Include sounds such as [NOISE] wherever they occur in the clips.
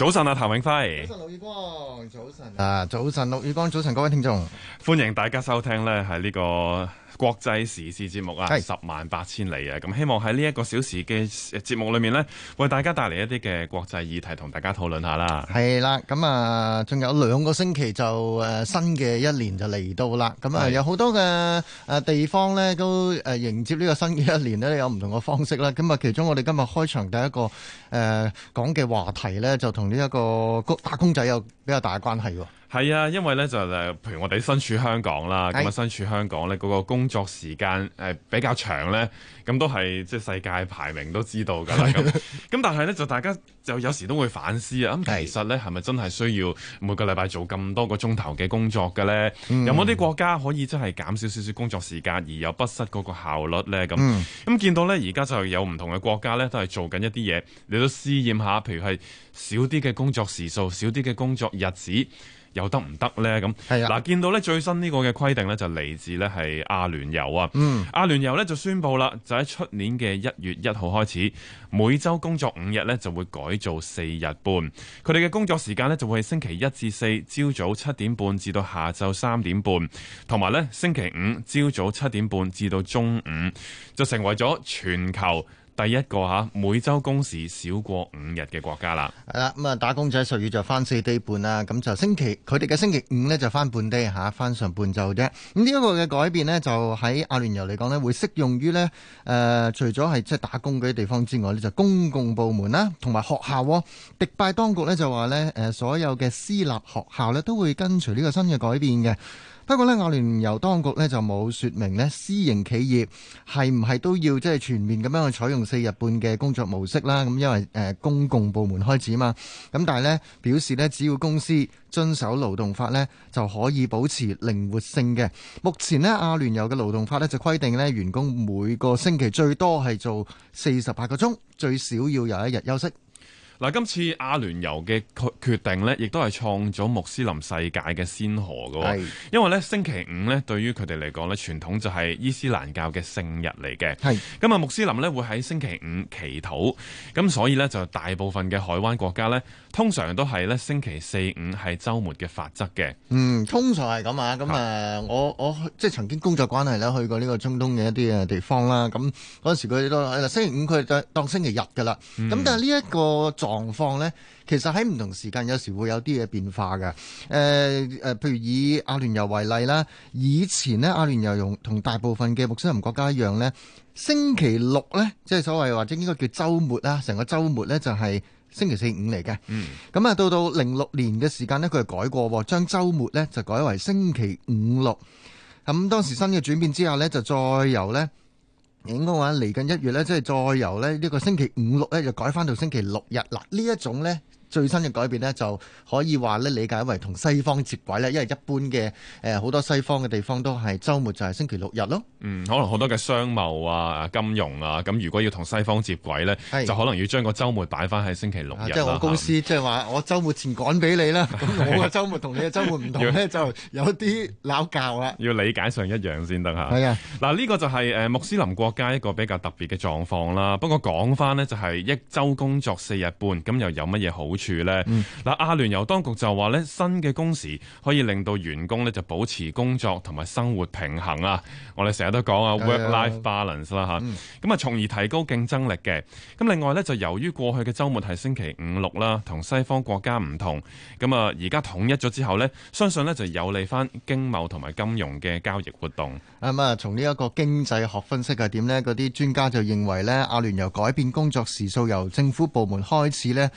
早晨啊，譚永輝。早晨，陸宇光。早晨啊，早晨，陸宇光。早晨，各位聽眾，歡迎大家收聽咧，喺呢個國際時事節目啊，十萬八千里啊，咁希望喺呢一個小時嘅節目裏面呢，為大家帶嚟一啲嘅國際議題，同大家討論下啦。係啦，咁啊，仲有兩個星期就誒新嘅一年就嚟到啦，咁啊有好多嘅誒地方呢，都誒迎接呢個新嘅一年呢，有唔同嘅方式啦。咁啊，其中我哋今日開場第一個誒講嘅話題呢，就同呢一個打工仔有比較大嘅關係喎。係啊，因為咧就誒，譬如我哋身處香港啦，咁啊身處香港咧，嗰、嗰個工作時間誒比較長咧，咁都係即係世界排名都知道噶。咁 [LAUGHS] 咁但係咧就大家就有時都會反思啊，咁其實咧係咪真係需要每個禮拜做咁多個鐘頭嘅工作嘅咧？嗯、有冇啲國家可以真係減少少少工作時間，而又不失嗰個效率咧？咁咁、嗯、見到咧而家就有唔同嘅國家咧都係做緊一啲嘢你都試驗下，譬如係少啲嘅工作時數，少啲嘅工作日子。有得唔得呢？咁嗱，見到咧最新呢個嘅規定呢，就嚟自咧係阿聯酋啊。嗯，阿聯酋咧就宣布啦，就喺出年嘅一月一號開始，每周工作五日呢，就會改做四日半。佢哋嘅工作時間呢，就會係星期一至四，朝早七點半至到下晝三點半，同埋呢星期五朝早七點半至到中午，就成為咗全球。第一個吓每周工時少過五日嘅國家啦，係啦，咁啊打工仔十月就返四日半啦，咁就星期佢哋嘅星期五呢就返半日吓，返上半晝啫。咁呢一個嘅改變呢，就喺阿聯酋嚟講呢，會適用於呢誒，除咗係即係打工嗰啲地方之外呢，就係公共部門啦，同埋學校。迪拜當局呢，就話呢，誒所有嘅私立學校呢，都會跟隨呢個新嘅改變嘅。不過呢，阿聯酋當局呢，就冇說明呢，私營企業係唔係都要即係全面咁樣去採用。四日半嘅工作模式啦，咁因為誒公共部門開始嘛，咁但係咧表示咧，只要公司遵守勞動法咧，就可以保持靈活性嘅。目前咧，阿聯酋嘅勞動法咧就規定咧，員工每個星期最多係做四十八個鐘，最少要有一日休息。嗱，今次阿聯酋嘅決定呢，亦都係創咗穆斯林世界嘅先河嘅，因為呢，星期五呢，對於佢哋嚟講呢，傳統就係伊斯蘭教嘅聖日嚟嘅。係，咁啊，穆斯林呢會喺星期五祈禱，咁所以呢，就大部分嘅海灣國家呢，通常都係呢星期四五係週末嘅法則嘅。嗯，通常係咁啊，咁誒，我我即係曾經工作關係呢，去過呢個中東嘅一啲嘅地方啦。咁嗰陣時佢都星期五，佢就當星期日㗎啦。咁但係呢一個狀況呢，其實喺唔同時間有時會有啲嘢變化嘅。誒、呃、誒，譬如以阿聯酋為例啦，以前呢，阿聯酋同同大部分嘅穆斯林國家一樣呢，星期六呢，即係所謂或者應該叫周末啦，成個周末呢就係星期四五嚟嘅。嗯，咁啊，到到零六年嘅時間呢，佢係改過，將周末呢就改為星期五六。咁當時新嘅轉變之下呢，就再由呢，應該話嚟近一月咧，即係再由咧呢個星期五六咧，就改返到星期六日啦。呢一種咧。最新嘅改變呢，就可以話呢，理解為同西方接軌呢，因為一般嘅誒，好多西方嘅地方都係週末就係星期六日咯。嗯，可能好多嘅商貿啊、金融啊，咁如果要同西方接軌呢，就可能要將個週末擺翻喺星期六日，啊啊、即係我公司即係話，嗯就是、我週末前趕俾你啦，咁我嘅週末同你嘅週末唔同呢 [LAUGHS] 就有啲拗撬啦。要理解上一樣先得下係啊，嗱、這、呢個就係、是、誒、呃、穆斯林國家一個比較特別嘅狀況啦。不過講翻呢，就係、是、一周工作四日半，咁又有乜嘢好？處、嗯、咧，嗱，阿聯酋當局就話咧，新嘅工時可以令到員工咧就保持工作同埋生活平衡啊。我哋成日都講啊，work-life balance 啦吓，咁啊，從、嗯、而提高競爭力嘅。咁另外咧，就由於過去嘅周末係星期五六啦，同西方國家唔同，咁啊，而家統一咗之後咧，相信咧就有利翻經貿同埋金融嘅交易活動。咁啊，從呢一個經濟學分析嘅點咧，嗰啲專家就認為咧，阿聯酋改變工作時數由政府部門開始咧。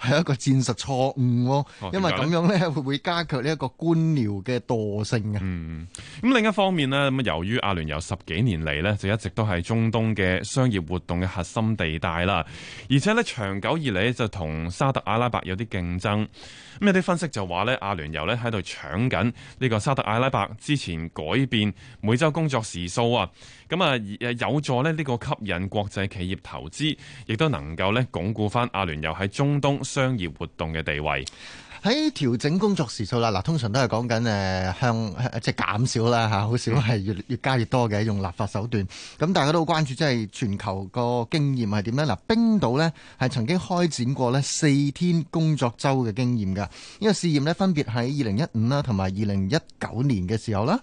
係一個戰術錯誤，因為咁樣咧會不會加強呢一個官僚嘅惰性啊。嗯，咁另一方面呢，由於阿聯酋十幾年嚟呢，就一直都係中東嘅商業活動嘅核心地帶啦，而且呢，長久以嚟就同沙特阿拉伯有啲競爭。咁有啲分析就話呢，阿聯酋呢喺度搶緊呢個沙特阿拉伯之前改變每周工作時數啊。咁啊，誒有助呢個吸引國際企業投資，亦都能夠呢鞏固翻阿聯酋喺中東商業活動嘅地位。喺調整工作時數啦，嗱，通常都係講緊誒向即係減少啦嚇，好少係越越加越多嘅用立法手段。咁大家都好關注，即係全球個經驗係點咧？嗱，冰島呢係曾經開展過呢四天工作週嘅經驗㗎。呢個試驗呢分別喺二零一五啦同埋二零一九年嘅時候啦，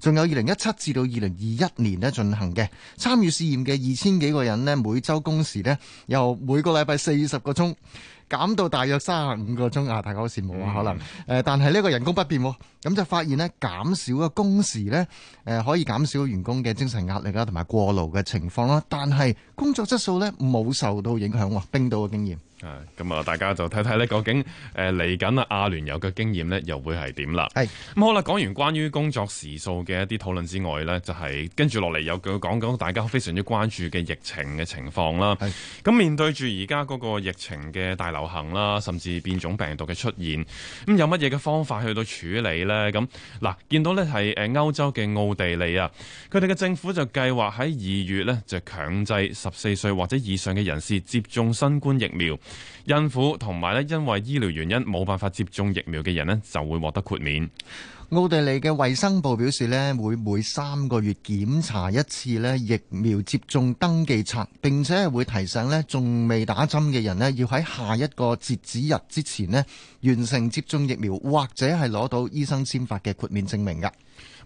仲有二零一七至到二零二一年呢進行嘅。參與試驗嘅二千幾個人呢每週工時呢，由每個禮拜四十個鐘，減到大約三十五個鐘啊！大家好羨慕啊，可能，但係呢個人工不變喎，咁就發現呢減少嘅工時呢，可以減少員工嘅精神壓力啦，同埋過勞嘅情況啦。但係工作質素呢，冇受到影響喎，冰島嘅經驗。啊，咁啊，大家就睇睇咧，究竟誒嚟緊啊，阿聯酋嘅經驗咧，又會係點啦？係咁好啦，講完關於工作時數嘅一啲討論之外咧，就係跟住落嚟有佢講講大家非常之關注嘅疫情嘅情況啦。係咁面對住而家嗰個疫情嘅大流行啦，甚至變種病毒嘅出現，咁有乜嘢嘅方法去到處理咧？咁嗱，見到咧係誒歐洲嘅奧地利啊，佢哋嘅政府就計劃喺二月咧就強制十四歲或者以上嘅人士接種新冠疫苗。孕婦同埋咧，因為醫療原因冇辦法接種疫苗嘅人咧，就會獲得豁免。奧地利嘅衛生部表示咧，會每，每三個月檢查一次咧疫苗接種登記冊，並且係會提醒咧，仲未打針嘅人咧，要喺下一個截止日之前咧完成接種疫苗，或者係攞到醫生簽發嘅豁免證明噶。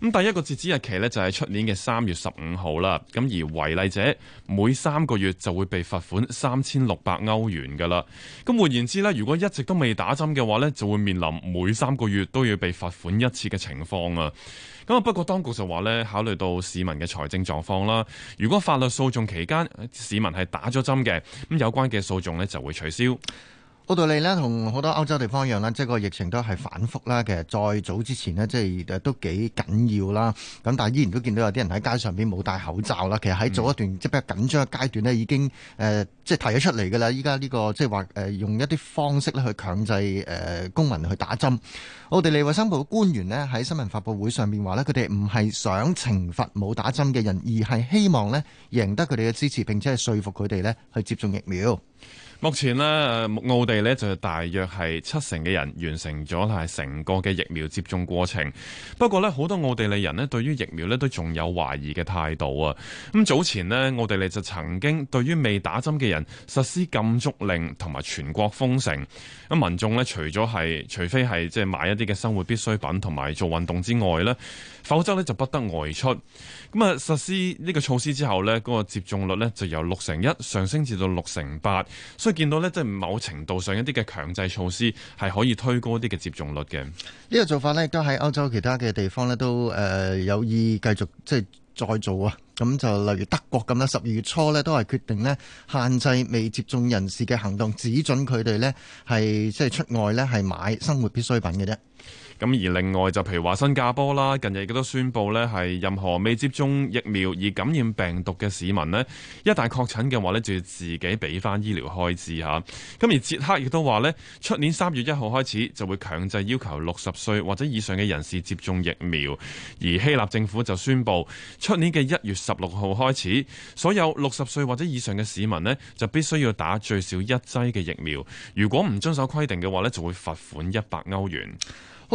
咁第一個截止日期咧就係出年嘅三月十五號啦，咁而違例者每三個月就會被罰款三千六百歐元噶啦，咁換言之咧如果一直都未打針嘅話咧就會面臨每三個月都要被罰款一次嘅情況啊。咁啊，不過當局就話咧考慮到市民嘅財政狀況啦，如果法律訴訟期間市民係打咗針嘅，咁有關嘅訴訟咧就會取消。奧地利呢同好多歐洲地方一樣啦，即係個疫情都係反覆啦。其實再早之前呢即係都幾緊要啦。咁但係依然都見到有啲人喺街上邊冇戴口罩啦。其實喺早一段即係比較緊張嘅階段呢已經誒即係提咗出嚟㗎啦。依家呢個即係話用一啲方式咧去強制誒公民去打針。奧地利衞生部嘅官員呢，喺新聞發佈會上面話呢佢哋唔係想懲罰冇打針嘅人，而係希望呢贏得佢哋嘅支持，並且係說服佢哋呢去接種疫苗。目前呢，奧地利就大約係七成嘅人完成咗係，成個嘅疫苗接種過程。不過呢，好多奧地利人呢對於疫苗呢都仲有懷疑嘅態度啊！咁早前呢，奧地利就曾經對於未打針嘅人實施禁足令同埋全國封城。咁民眾呢，除咗係除非係即係買一啲嘅生活必需品同埋做運動之外呢，否則呢就不得外出。咁啊，實施呢個措施之後呢，嗰個接種率呢就由六成一上升至到六成八，所以。見到呢，即係某程度上一啲嘅強制措施係可以推高一啲嘅接種率嘅。呢個做法呢，亦都喺歐洲其他嘅地方呢都誒、呃、有意繼續即係再做啊。咁就例如德國咁啦，十二月初呢都係決定呢，限制未接種人士嘅行動，只准佢哋呢係即係出外呢係買生活必需品嘅啫。咁而另外就譬如話新加坡啦，近日亦都宣布呢係任何未接種疫苗而感染病毒嘅市民呢，一旦確診嘅話呢，就要自己俾翻醫療開支吓。咁而捷克亦都話呢，出年三月一號開始就會強制要求六十歲或者以上嘅人士接種疫苗。而希臘政府就宣布，出年嘅一月十六號開始，所有六十歲或者以上嘅市民呢，就必須要打最少一劑嘅疫苗。如果唔遵守規定嘅話呢，就會罰款一百歐元。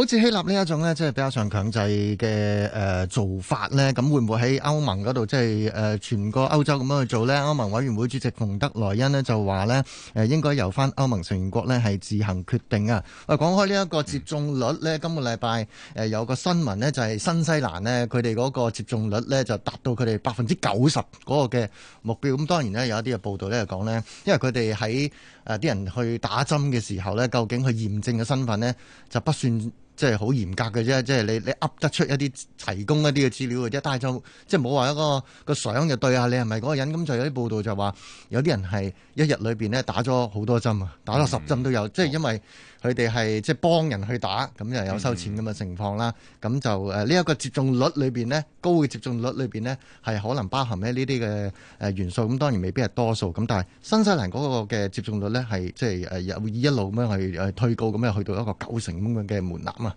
好似希臘呢一種呢，即係比較上強制嘅、呃、做法呢。咁會唔會喺歐盟嗰度即係、呃、全個歐洲咁樣去做呢？歐盟委員會主席馮德萊恩呢就話呢、呃，應該由翻歐盟成員國呢係自行決定啊！話、呃、講開呢一個接種率呢，今個禮拜、呃、有個新聞呢，就係、是、新西蘭呢，佢哋嗰個接種率呢就達到佢哋百分之九十嗰個嘅目標。咁、嗯、當然呢，有一啲嘅報道呢就講呢，因為佢哋喺啲人去打針嘅時候呢，究竟去驗證嘅身份呢，就不算。即係好嚴格嘅啫，即係你你噏得出一啲提供一啲嘅資料嘅啫，但係就即係冇話一個個相就對呀你係咪嗰個人，咁就有啲報道就話有啲人係一日裏邊咧打咗好多針啊，打咗十針都有，嗯、即係因為。佢哋係即係幫人去打，咁又有收錢咁嘅情況啦。咁就誒呢一個接種率裏邊咧，高嘅接種率裏邊咧，係可能包含咩呢啲嘅誒元素。咁當然未必係多數。咁但係新西蘭嗰個嘅接種率咧，係即係誒有意一路咁樣去誒推高咁樣去到一個九成咁樣嘅門檻啊！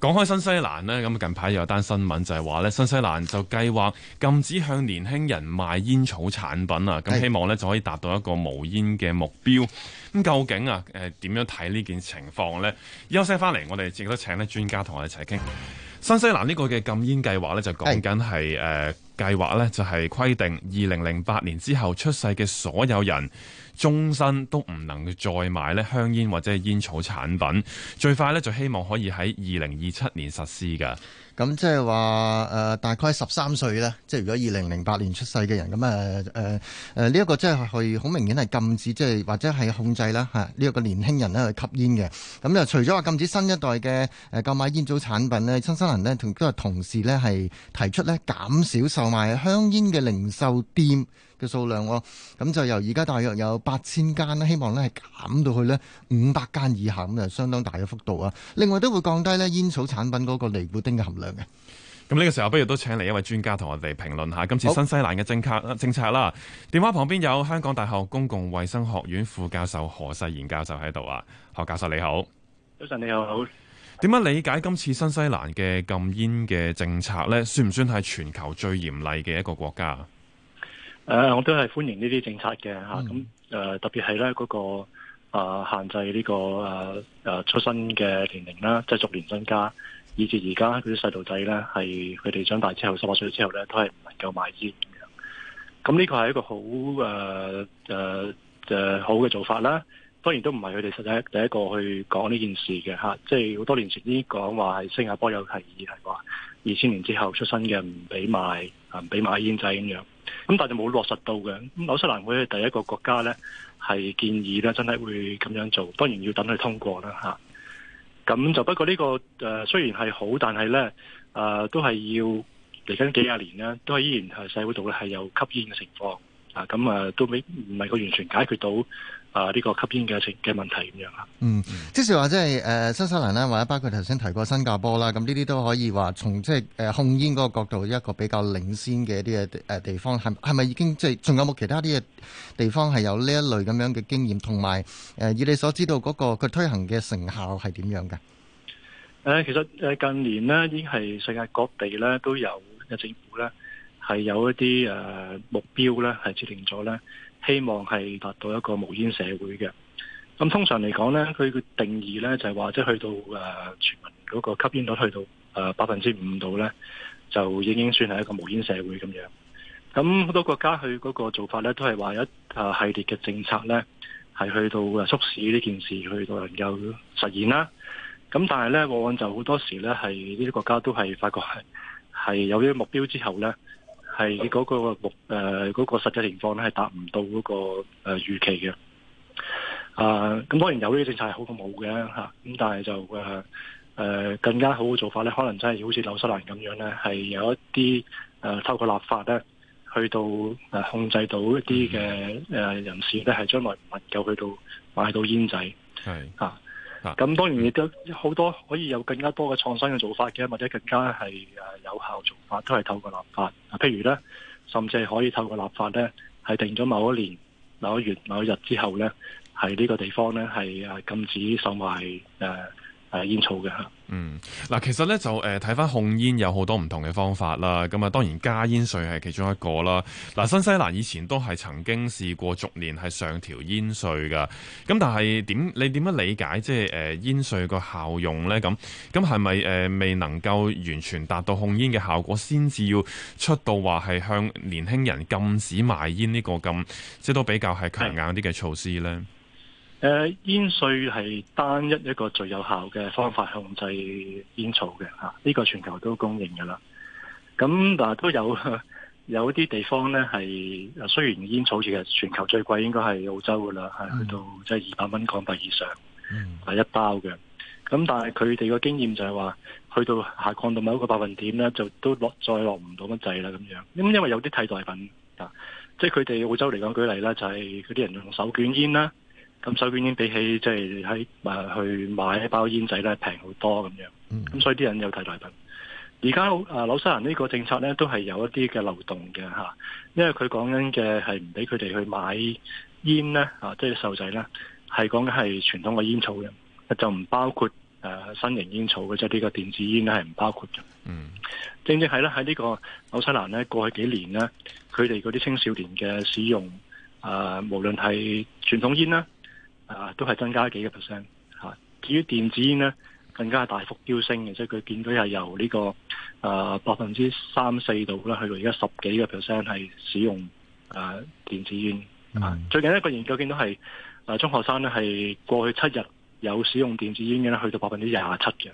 講開新西蘭咧，咁近排有單新聞就係話咧，新西蘭就計劃禁止向年輕人賣煙草產品啊。咁希望咧就可以達到一個無煙嘅目標。咁究竟啊，誒點樣睇呢件情況呢？休息翻嚟，我哋亦都請咧專家同我哋一齊傾新西蘭呢個嘅禁煙計劃咧，的是呃、計劃就講緊係誒計劃咧，就係規定二零零八年之後出世嘅所有人。終身都唔能夠再買咧香煙或者係煙草產品，最快咧就希望可以喺二零二七年實施㗎。咁即係話誒，大概十三歲呢，即係如果二零零八年出世嘅人，咁誒呢一個即係去好明顯係禁止，即係或者係控制啦嚇呢一個年輕人咧去吸煙嘅。咁就除咗話禁止新一代嘅誒購買煙草產品呢，新生人新西蘭呢同都係同時呢係提出呢減少售賣香煙嘅零售店嘅數量咯、哦，咁就由而家大約有八千間啦，希望呢係減到去呢五百間以下，咁就相當大嘅幅度啊！另外都會降低呢煙草產品嗰個尼古丁嘅含量嘅、啊。咁呢個時候，不如都請嚟一位專家同我哋評論下今次新西蘭嘅政策政策啦。電話旁邊有香港大學公共衛生學院副教授何世賢教授喺度啊，何教授你好，早晨你好。好，點樣理解今次新西蘭嘅禁煙嘅政策呢？算唔算係全球最嚴厲嘅一個國家？誒、uh，我都係歡迎呢啲政策嘅吓，咁、嗯、誒、啊、特別係咧個啊限制呢、這個誒誒、啊、出生嘅年齡啦，即、就、係、是、逐年增加，以至而家嗰啲細路仔咧，係佢哋長大之後十八歲之後咧，都係唔能夠買煙嘅。咁呢個係一個很、啊啊啊啊、好誒誒誒好嘅做法啦。當然都唔係佢哋實際第一個去講呢件事嘅吓，即係好多年前已經講話係新加坡有提議係話二千年之後出生嘅唔俾賣啊，唔俾買煙仔咁樣。咁但係冇落實到嘅，咁紐西蘭會係第一個國家咧，係建議咧，真係會咁樣做，不然要等佢通過啦吓。咁、啊、就不過呢、這個誒、呃，雖然係好，但係咧誒，都係要嚟緊幾廿年呢，都係依然係社會度咧係有吸煙嘅情況啊。咁啊，都未唔係個完全解決到。啊！呢、這個吸煙嘅食嘅問題咁樣啊，嗯，即是話即係誒新西蘭啦，或者包括頭先提過新加坡啦，咁呢啲都可以話從即係誒控煙嗰個角度一個比較領先嘅一啲嘅誒地方，係係咪已經即係仲有冇其他啲嘅地方係有呢一類咁樣嘅經驗？同埋誒以你所知道嗰，那個佢推行嘅成效係點樣㗎？誒、呃，其實誒近年呢，已經係世界各地咧都有一政府咧，係有一啲誒、呃、目標咧，係設定咗咧。希望係達到一個無煙社會嘅，咁通常嚟講呢，佢嘅定義呢就係話，即係去到誒全民嗰個吸煙率去到誒百分之五度呢，就已經算係一個無煙社會咁樣。咁好多國家去嗰個做法呢都係話一系列嘅政策呢，係去到促使呢件事去到能夠實現啦。咁但係呢，往往就好多時呢，係呢啲國家都係發覺係係有咗目標之後呢。係嗰個目誒，嗰個實際情況咧係達唔到嗰個誒預期嘅。啊，咁當然有呢啲政策係好過冇嘅吓，咁、啊、但係就誒誒、啊、更加好嘅做法咧，可能真係好似紐西蘭咁樣咧，係有一啲誒、啊、透過立法咧，去到誒控制到一啲嘅誒人士咧，係將來唔能夠去到買到煙仔係、啊咁當然亦都好多可以有更加多嘅創新嘅做法嘅，或者更加係有效做法，都係透過立法。譬如咧，甚至係可以透過立法咧，係定咗某一年、某一月、某一日之後咧，喺呢個地方咧係禁止售賣誒係、啊、煙草嘅吓，嗯，嗱，其實咧就誒睇翻控煙有好多唔同嘅方法啦，咁啊，當然加煙稅係其中一個啦。嗱，新西蘭以前都係曾經試過逐年係上調煙稅嘅，咁但係點你點樣理解即係誒煙稅個效用咧？咁咁係咪誒未能夠完全達到控煙嘅效果，先至要出到話係向年輕人禁止賣煙呢個咁，即、就、係、是、都比較係強硬啲嘅措施咧？誒，煙稅係單一一個最有效嘅方法控制煙草嘅吓，呢、啊這個全球都公認噶啦。咁嗱、啊，都有有啲地方咧係、啊，雖然煙草其實全球最貴，應該係澳洲噶啦，係去到、mm-hmm、即係二百蚊港幣以上，係一包嘅、mm-hmm。咁、啊、但係佢哋個經驗就係話，去到下降到某一個百分點咧，就都落再落唔到乜滯啦咁樣。咁因為有啲替代品啊，即係佢哋澳洲嚟講，舉例啦，就係嗰啲人用手捲煙啦。咁手捲煙比起即係喺去買一包煙仔咧，平好多咁樣，咁、mm -hmm. 所以啲人有替代品。而家，呃、啊、呃就是 mm -hmm. 正正紐西蘭呢個政策咧都係有一啲嘅漏洞嘅，因為佢講緊嘅係唔俾佢哋去買煙咧，即係細路仔咧，係講緊係傳統嘅煙草嘅，就唔包括誒新型煙草嘅啫。呢個電子煙咧係唔包括嘅。嗯，正正係呢，喺呢個紐西蘭咧過去幾年咧，佢哋嗰啲青少年嘅使用啊，無論係傳統煙啦。啊，都係增加幾個 percent 嚇，啊。至於電子煙咧，更加係大幅飆升嘅，即係佢見到係由呢、呢個啊到到個百分之三四度啦，去到而家十幾個 percent 係使用啊電子煙。啊嗯，最近呢一個研究見到係啊中學生咧係過去七日有使用電子煙嘅咧，去到百分之廿七嘅。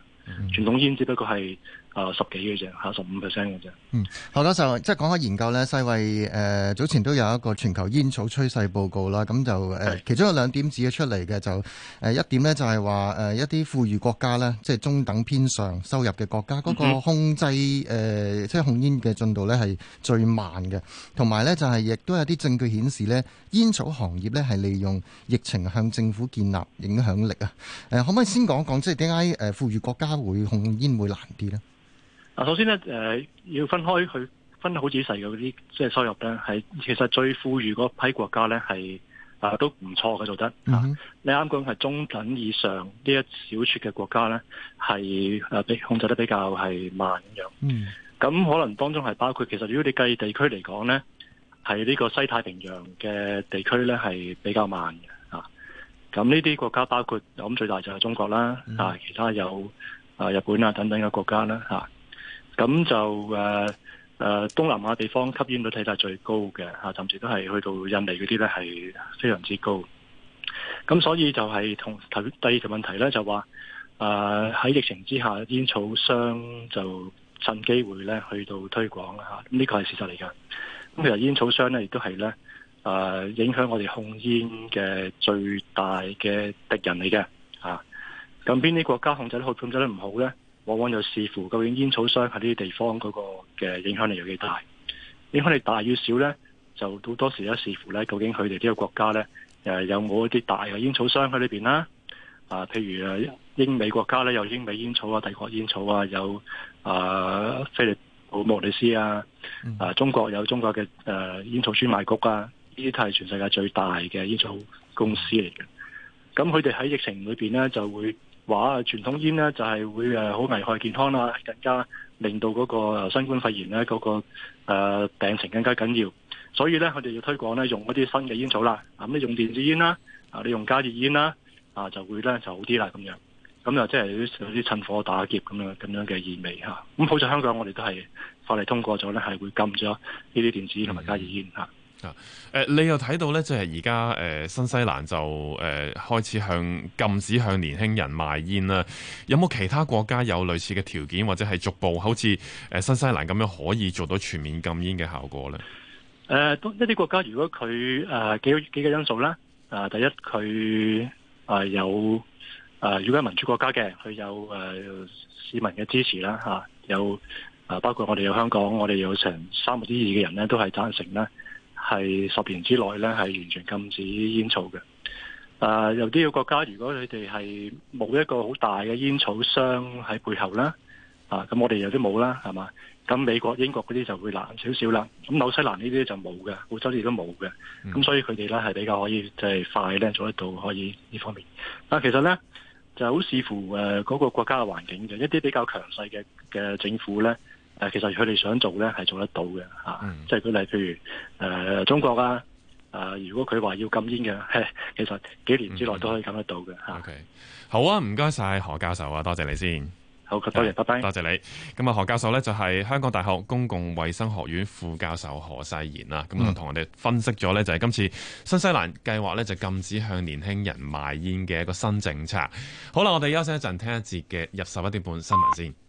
傳統煙只不過係。啊，十幾嘅啫，嚇十五 percent 嘅啫。嗯，何教授，即係講下研究呢，世衛誒、呃、早前都有一個全球煙草趨勢報告啦。咁就誒、呃，其中有兩點指嘅出嚟嘅就誒、呃，一點呢，就係話誒，一啲富裕國家呢即係中等偏上收入嘅國家，嗰、那個控制誒、呃，即係控煙嘅進度呢係最慢嘅。同埋呢，就係、是、亦都有啲證據顯示呢煙草行業呢係利用疫情向政府建立影響力啊。誒、呃，可唔可以先講講即係點解富裕國家會控煙會難啲呢？嗱，首先咧，誒、呃、要分開去分好仔細嘅嗰啲，即係收入咧，係其實最富裕嗰批國家咧，係啊都唔錯嘅，做得、mm -hmm. 啊、你啱講係中等以上呢一小撮嘅國家咧，係啊比控制得比較係慢咁樣。嗯，咁可能當中係包括其實如果你計地區嚟講咧，係呢個西太平洋嘅地區咧係比較慢嘅嚇。咁呢啲國家包括我諗最大就係中國啦，mm -hmm. 啊，其他有啊日本啊等等嘅國家啦嚇。啊咁就誒誒、啊，東南亞地方吸煙率睇大最高嘅吓，甚至都係去到印尼嗰啲咧係非常之高。咁所以就係同頭第二條問題咧，就話誒喺疫情之下，煙草商就趁機會咧去到推廣啦吓，呢、啊這個係事實嚟㗎。咁其實煙草商咧亦都係咧誒影響我哋控煙嘅最大嘅敵人嚟嘅吓。咁邊啲國家控制得好，控制得唔好咧？往往就視乎究竟煙草商喺呢啲地方嗰個嘅影響力有幾大，影響力大與少咧，就好多時咧視乎咧究竟佢哋呢個國家咧誒有冇一啲大嘅煙草商喺呢邊啦、啊。啊，譬如誒英美國家咧有英美煙草啊、帝國煙草啊，有啊菲利普莫里斯啊，啊中國有中國嘅誒煙草專賣局啊，呢啲都係全世界最大嘅煙草公司嚟嘅。咁佢哋喺疫情裏面咧就會，話傳統煙呢，就係會誒好危害健康啦，更加令到嗰個新冠肺炎咧嗰個誒病情更加緊要，所以咧我哋要推廣咧用一啲新嘅煙草啦，咁你用電子煙啦，啊你用加熱煙啦，啊就會咧就好啲啦咁樣，咁啊即係有啲趁火打劫咁樣咁樣嘅意味吓，咁好在香港我哋都係法例通過咗咧，係會禁咗呢啲電子煙同埋加熱煙吓。啊！你又睇到咧，即係而家誒，新西蘭就誒、呃、開始向禁止向年輕人賣煙啦。有冇其他國家有類似嘅條件，或者係逐步好似誒新西蘭咁樣，可以做到全面禁煙嘅效果咧？誒、呃，一啲國家如果佢誒幾幾個因素啦，啊、呃，第一佢啊、呃、有啊、呃，如果係民主國家嘅，佢有誒、呃、市民嘅支持啦，嚇、啊、有啊、呃，包括我哋有香港，我哋有成三分之二嘅人咧，都係贊成啦。係十年之內咧，係完全禁止煙草嘅。誒，有啲國家如果佢哋係冇一個好大嘅煙草商喺背後啦，啊，咁、啊、我哋有啲冇啦，係嘛。咁美國、英國嗰啲就會難少少啦。咁紐西蘭呢啲就冇嘅，澳洲亦都冇嘅。咁、嗯、所以佢哋咧係比較可以即係、就係、快咧做得到可以呢方面。啊，其實咧就好視乎誒嗰、呃嗰個國家嘅環境嘅，一啲比較強勢嘅嘅政府咧。誒，其實佢哋想做咧，係做得到嘅吓，即係佢例，譬如誒、呃、中國啊，誒、呃、如果佢話要禁煙嘅，其實幾年之內都可以禁得到嘅吓。嗯嗯啊 okay. 好啊，唔該晒何教授啊，多謝你先。好，多謝，拜拜。多謝你。咁啊，何教授呢就係、是、香港大學公共衛生學院副教授何世賢啦。咁、嗯、同我哋分析咗呢，就係今次新西蘭計劃呢，就禁止向年輕人賣煙嘅一個新政策。好啦，我哋休息一陣，聽一節嘅入十一點半新聞先。